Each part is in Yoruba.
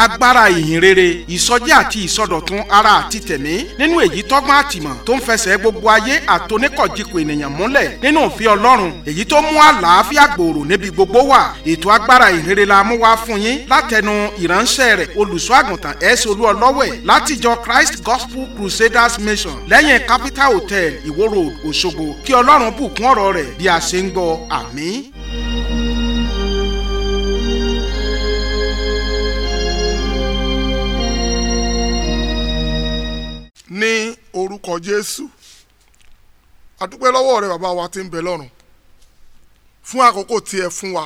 agbára ìhìn rere ìsọjí àti ìsọdọ̀tun ara àti tẹ̀mí nínú èyí tọ́gbọ́n àtìmọ̀ tó ń fẹsẹ̀ gbogbo ayé àtoníkọ̀jìkọ̀ ènìyàn múlẹ̀ nínú òfin ọlọ́run èyí tó mú àlàáfíà gbòòrò níbi gbogbo wà ètò agbára ìhìn la mú wá fún yín látẹnu ìránṣẹ́ rẹ̀ olùṣọ́ àgùntàn ẹ̀ẹ́sì olú látijọ́ Christ Gospel Crusaders Mission lẹ́yìn Capital Hotel Ìwó Road Òṣogbo kí ọlọ́run bùkún ọ̀rọ̀ rẹ̀ bí a ṣe ń gbọ́ àmín orúkọ jésù àdúpẹ́ lọ́wọ́ rẹ bàbá wa tí ń bẹ lọ́run fún àkókò tí ẹ fún wa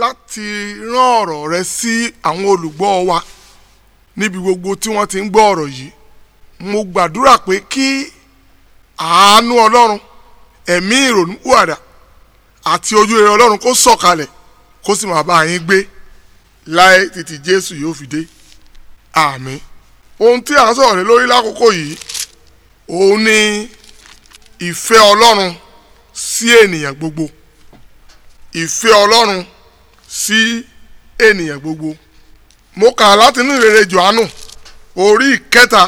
láti rán ọ̀rọ̀ rẹ sí àwọn olùgbọ́ wa níbi gbogbo tí wọ́n ti ń gbọ́ ọ̀rọ̀ yìí mo gbàdúrà pé kí àánú ọlọ́run ẹ̀mí ìrònú wàdà àti ojú rere ọlọ́run kó sọ̀kalẹ̀ kó sì máa bá yín gbé láì títí jésù yóò fi dé àmín ohun tí à ń sọ̀rọ̀ lé lórí lákòókò yìí òun ni ìfẹ́ ọlọ́run sí ènìyàn gbogbo ìfẹ́ ọlọ́run sí ènìyàn gbogbo mo kà láti inú ìrere Jòhánù orí ìkẹta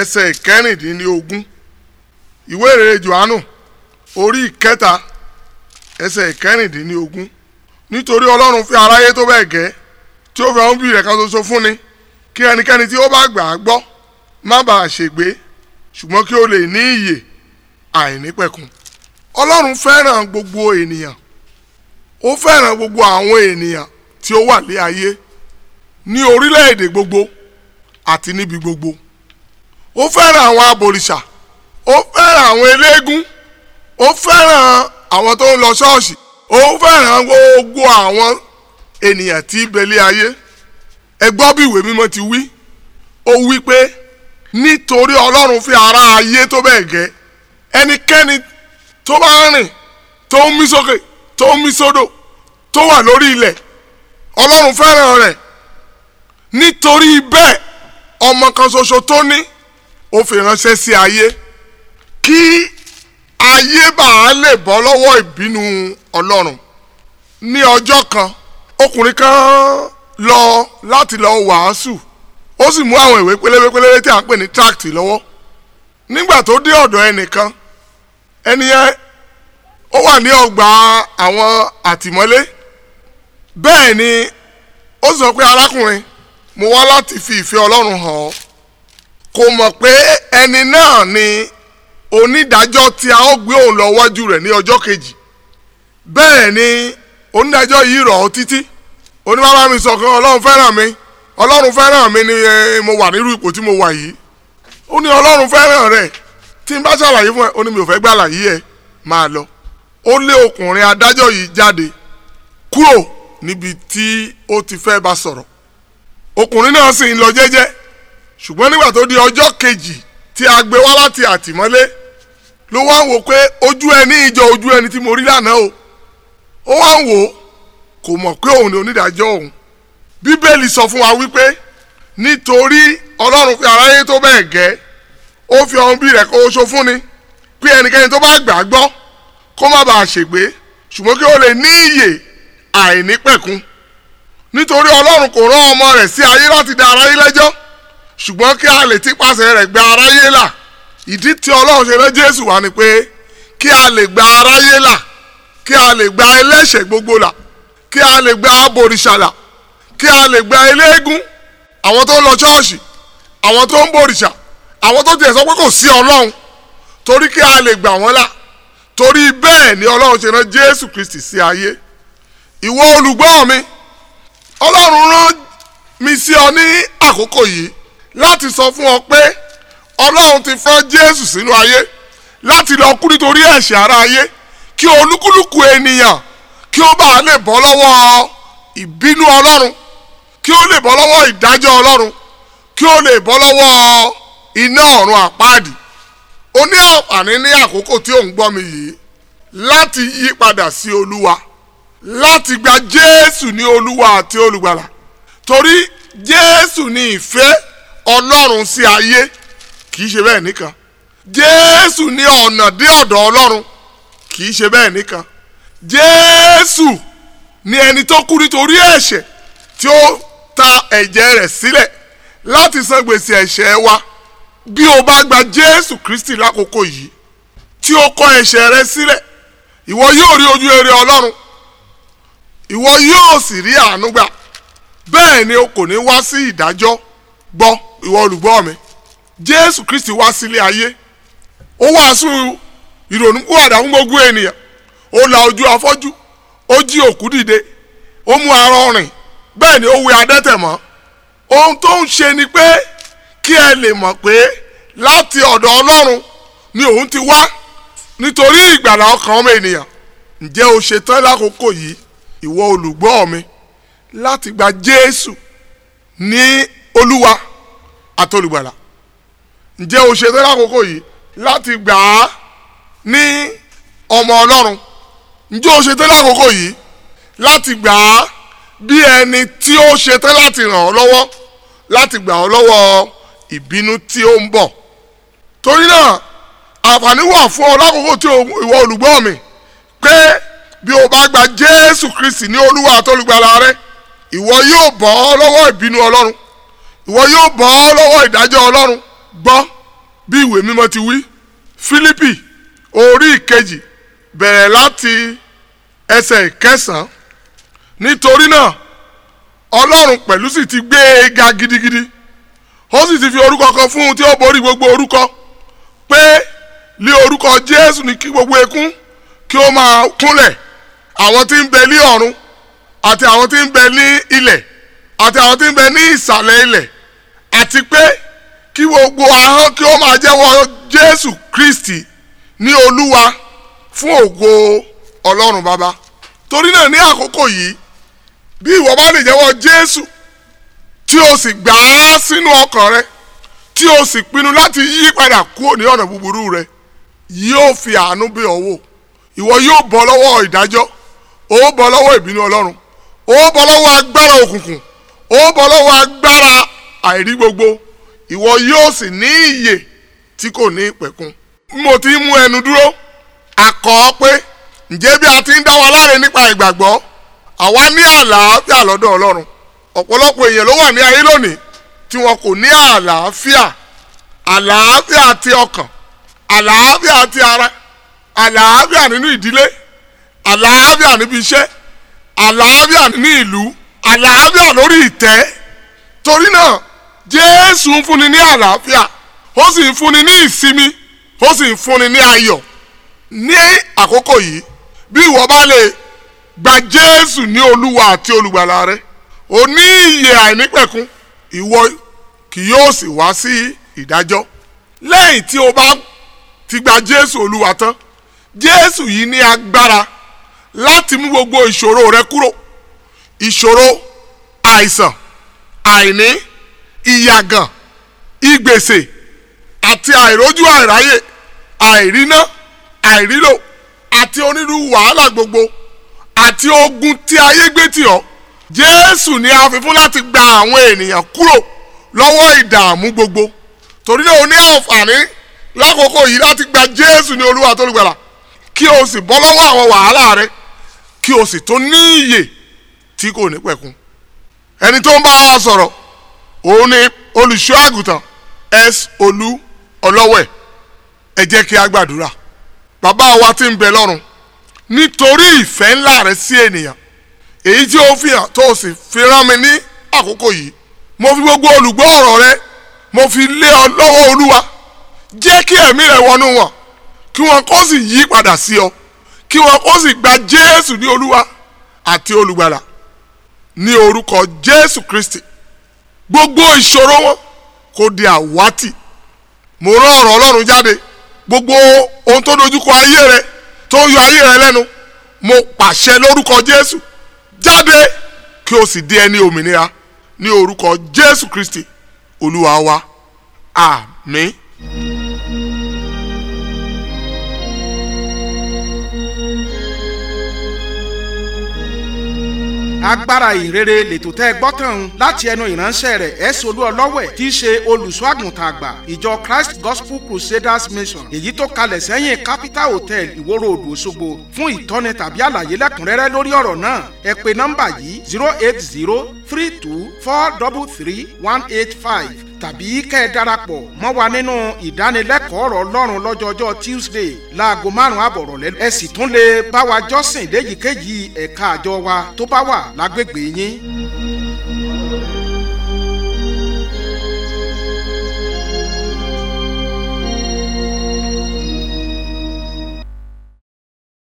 ẹsẹ̀ ìkẹrìndínlógún ìwé ìrere Jòhánù orí ìkẹta ẹsẹ̀ ìkẹrìndínlógún nítorí ọlọ́run fi aráyé tó bẹ́ẹ̀ gẹ́ tí ó fẹ́ ń bí rẹ̀ kan ṣoṣo fún ni kí ẹnikẹ́ni tí ó bá gbà á gbọ́ má bàa ṣègbé ṣùgbọ́n kí ó lè ní ìyè àìnípẹ̀kun ọlọ́run fẹ́ràn gbogbo ènìyàn ó fẹ́ràn gbogbo àwọn ènìyàn tí ó wà lé ayé ní orílẹ̀-èdè gbogbo àti níbi gbogbo ó fẹ́ràn àwọn abòrìṣà ó fẹ́ràn àwọn eléégún ó fẹ́ràn àwọn tó ń lọ ṣọ́ọ̀ṣì ó fẹ́ràn gbogbo àwọn ènìyàn tí bẹ̀lẹ́ ayé ẹ gbọ́ bí ìwé mímọ́ ti wí ó wí pé nítorí ọlọ́run fi ara ayé tó bẹ́ẹ̀ gẹ́ ẹnikẹ́ni tó bá ń rìn tó ń mí sókè tó ń mí sódò tó wà lórí ilẹ̀ ọlọ́run fẹ́ràn rẹ̀ nítorí bẹ́ẹ̀ ọmọ kan ṣoṣo tó ní ó fi ránṣẹ́ sí ayé kí ayé bá a lè bọ́ lọ́wọ́ ìbínú ọlọ́run ní ọjọ́ kan ọkùnrin kan lọ láti lọ wàásù ó sì mú àwọn ìwé pélébé pélébé tí à ń pè ní tract lọ́wọ́ nígbà tó dé ọ̀dọ̀ ẹnìkan ẹni yẹn ó wà ní ọgbà àwọn àtìmọ́lé bẹ́ẹ̀ ni ó sọ pé arákùnrin mo wá láti fi ìfẹ́ ọlọ́run hàn ọ́ kò mọ̀ pé ẹni náà ni onídàájọ́ tí a ó gbé òun lọ wájú rẹ̀ ní ọjọ́ kejì bẹ́ẹ̀ ni onídàájọ́ yìí rọ̀ ọ́ títí oníbàbá mi sọ kan ọlọ́run fẹ́ràn mi ọlọ́run fẹ́ràn mi ni mo wà nírú ipò tí mo wà yìí ó ní ọlọ́run fẹ́ràn rẹ̀ tí n bá ṣàlàyé fún ẹ ó ní mi ò fẹ́ gbà àlàyé ẹ máa lọ ó lé ọkùnrin adájọ́ yìí jáde kúrò níbi tí ó ti fẹ́ bá sọ̀rọ̀ ọkùnrin náà sì ń lọ jẹ́jẹ́ ṣùgbọ́n nígbà tó di ọjọ́ kejì tí a gbé wá láti àtìmọ́lé ló wá ń wò pé ojú ẹni ìjọ ojú ẹni tí mo rí lánàá o ó wá ń wò ó kò mọ̀ pé òun ni onídàájọ́ òun bíbélì sọ fún wa wípé nítorí ọlọ́run fi aráyé tó bẹ́ẹ̀ gẹ́ ó fi ọ̀hún bí rẹ̀ kó oṣó fún ni pé ẹnikẹ́ni tó bá gbà á gbọ́ kó má bàa ṣègbé ṣùgbọ́n kí ó lè ní ìyè àìnípẹ̀kun nítorí ọlọ́run kò rán ọmọ rẹ̀ sí ayé láti dá aráyé lẹ́jọ́ ṣùgbọ́n kí a lè tipasẹ̀ rẹ̀ gba aráyé là ìdí tí ọlọ́run ṣe rán jésù wá ni pé kí a lè gba aráyé là kí a lè gba ẹlẹ́ṣẹ̀ gbogbo là kí a lè gba abòrìṣàlà kí a lè gba eléégún àwọn tó ń lọ ṣọ́ọ̀ṣì àwọn tó ń bòrìṣà àwọn tó tiẹ̀ sọ pé kò sí ọlọ́run torí kí a lè gbà wọ́n là torí bẹ́ẹ̀ ni ọlọ́run ṣe rán jésù kristi sí ayé ìwọ olùgbọ́ mi ọlọ́run rán mi sí ọ ní àkókò yìí láti sọ fún ọ pé ọlọ́run ti fọ́n jésù sínú ayé láti lọ kú nítorí ẹ̀ṣẹ̀ ara ayé kí olúkúlùkù ènìyàn kí ó bá lè bọ́ lọ́wọ́ ìbínú ọlọ́run kí ó lè bọ́ lọ́wọ́ ìdájọ́ ọlọ́run kí ó lè bọ́ lọ́wọ́ iná ọ̀run àpáàdì o ní àǹfààní ní àkókò tí ò ń gbọ́ mi yìí láti yí padà sí olúwa láti gba jésù ní olúwa àti olùgbàlà torí jésù ní ìfẹ́ ọlọ́run sí ayé kì í ṣe bẹ́ẹ̀ nìkan jésù ní ọ̀nà dé ọ̀dọ̀ ọlọ́run kì í ṣe bẹ́ẹ̀ nìkan jésù ni ẹni tó kú nítorí ẹ̀ṣẹ̀ tí ó ta ẹ̀jẹ̀ rẹ̀ sílẹ̀ láti san gbèsè ẹ̀ṣẹ̀ wa bí o bá gba jésù kristi lákòókò yìí tí o kọ ẹ̀ṣẹ̀ rẹ sílẹ̀ ìwọ yóò rí ojú rere ọlọ́run ìwọ yóò sì rí àánú gbà bẹ́ẹ̀ ni o kò ní wá sí ìdájọ́ gbọ́ ìwọ olùgbọ́ mi jésù kristi wá sílé ayé ó wàásù ìrònú kúwàdà fún gbogbo ènìyàn ó la ojú afọ́jú ó jí òkú dìde ó mú arọ rìn bẹ́ẹ̀ ni ó wẹ adẹ́tẹ̀ ohun tó ń ṣe ni pé kí ẹ lè mọ̀ pé láti ọ̀dọ̀ ọlọ́run ni òun ti wá nítorí ìgbàlà ọkàn ọmọ ènìyàn ǹjẹ́ o ṣetán lákòókò yìí ìwọ olùgbọ́ mi láti gba jésù ní olúwa àti olùgbàlà ǹjẹ́ o ṣetán lákòókò yìí láti gbà á ní ọmọ ọlọ́run ǹjẹ́ o ṣetán lákòókò yìí láti gbà á bí ẹni tí ó ṣetán láti ràn ọ́ lọ́wọ́ láti gbà ọ́ lọ́wọ́ ìbínú tí ó ń bọ̀ torí náà àǹfààní wà fún ọ lákòókò tí ìwọ olùgbọ́ mi pé bí o bá gba Jésù Kristi ní Olúwa àtọ́lùgbàlà rẹ ìwọ yóò bọ́ ọ lọ́wọ́ ìbínú Ọlọ́run ìwọ yóò bọ́ ọ lọ́wọ́ ìdájọ́ Ọlọ́run gbọ́ bí ìwé mímọ́ ti wí Fílípì orí ìkejì bẹ̀rẹ̀ láti ẹsẹ̀ ìkẹsàn-án nítorí náà ọlọ́run pẹ̀lú sì ti gbé e ga gidigidi ó sì ti fi orúkọ kan fún un tí ó borí gbogbo orúkọ pé lé orúkọ jésù ní kí gbogbo ekún kí ó máa kúnlẹ̀ àwọn tí ń bẹ ní ọ̀run àti àwọn tí ń bẹ ní ilẹ̀ àti àwọn tí ń bẹ ní ìsàlẹ̀ ilẹ̀ àti pé kí gbogbo ahọ́n kí ó máa jẹ́wọ́ jésù kristi ní olúwa fún ògo ọlọ́run bàbá torí náà ní àkókò yìí bí ìwọ bá lè jẹ́wọ́ jésù tí o sì gbà á sínú ọkàn rẹ tí o sì pinnu láti yí padà kúrò ní ọ̀nà búburú rẹ yóò fi àánú bí ọ wò ìwọ yóò bọ́ lọ́wọ́ ìdájọ́ ó bọ́ lọ́wọ́ ìbínú ọlọ́run ó bọ́ lọ́wọ́ agbára òkùnkùn ó bọ́ lọ́wọ́ agbára àìrí gbogbo ìwọ yóò sì ní ìyè tí kò ní ìpẹ̀kun mo ti mú ẹnu dúró a kọ́ ọ pé ǹjẹ́ bí a ti ń dá wa láre nípa ìgbàgbọ́ àwa ní àlàáfíà lọ́dọ̀ ọlọ́run ọ̀pọ̀lọpọ̀ èèyàn ló wà ní ayé lónìí tí wọn kò ní àlàáfíà àlàáfíà ti ọkàn àlàáfíà ti ara àlàáfíà nínú ìdílé àlàáfíà níbi iṣẹ́ àlàáfíà nínú ìlú àlàáfíà lórí ìtẹ́ torí náà Jésù ń fúnni ní àlàáfíà ó sì ń fúnni ní ìsinmi ó sì ń fúnni ní ní àkókò yìí bí ìwọ bá lè gba jésù ní olúwa àti olùgbàlà rẹ o ní ìyè àìnípẹ̀kun ìwọ kì yóò sì wá sí ìdájọ́ lẹ́yìn tí o bá ti gba jésù olúwa tán jésù yìí ní agbára láti mú gbogbo ìṣòro rẹ kúrò ìṣòro àìsàn àìní ìyàgàn ìgbèsè àti àìrójú àìráyè àìríná àìrílò àti onírúurú wàhálà gbogbo àti ogun tí ayé gbé tì ọ́ jésù ni a fi fún láti gba àwọn ènìyàn kúrò lọ́wọ́ ìdààmú gbogbo torí náà o ní àǹfààní lákòókò yìí láti gba jésù ní olúwa tó lùgbàlà kí o sì bọ́ lọ́wọ́ àwọn wàhálà rẹ kí o sì tó ní iyè tí kò ní pẹ̀kun ẹni tó ń bá wa sọ̀rọ̀ òun ni olùṣọ́ àgùntàn s olú ọlọ́wẹ̀ ẹ jẹ́ kí a gbàdúrà bàbá wa ti ń bẹ lọ́run nítorí ìfẹ́ ńlá rẹ sí ènìyàn èyí tí ó fi hàn tó o sì fi rán mi ní àkókò yìí mo fi gbogbo olùgbọ́ ọ̀rọ̀ rẹ mo fi lé ọ lọ́wọ́ olúwa jẹ́ kí ẹ̀mí rẹ wọnú wọn kí wọn kó sì yí padà sí ọ kí wọn kó sì gba jésù ní olúwa àti olùgbàlà ní orúkọ jésù kristi gbogbo ìṣòro wọn kó di àwátì mo rán ọ̀rọ̀ ọlọ́run jáde gbogbo ohun tó dojúkọ ayé rẹ tó ń yọ ayé rẹ lẹ́nu mo pàṣẹ lórúkọ jésù jáde kí o sì di ẹni òmìnira ní orúkọ jésù kristi olúwa wa àmín. Ah, agbára ìrere lètò tẹ́ gbọ́ tán láti ẹnu ìránṣẹ́ rẹ̀ ẹ̀ solú ọlọ́wẹ̀ tí í ṣe olùṣọ́ àgbà ìjọ Christ Gospel Crusaders Mission èyí tó kalẹ̀ sẹ́yìn Capital Hotel ìwòrò òdò Òṣogbo fún ìtọ́ni tàbí àlàyé lẹ́kùnrẹ́rẹ́ lórí ọ̀rọ̀ náà ẹ pe nọ́mbà yìí zero eight zero three two four double three one eight five tàbí kẹ́ ẹ darapọ̀ mọ́ wa nínú ìdánilẹ́kọ̀ọ́ ọ̀rọ̀ ọlọ́run lọ́jọọjọ́ tuesday láago márùn-ún àbọ̀rọ̀ lẹ́nu. ẹ sì tún lè bá wa jọ́sìn léyìíkéyìí ẹ̀ka àjọ wa tó bá wà lágbègbè yín.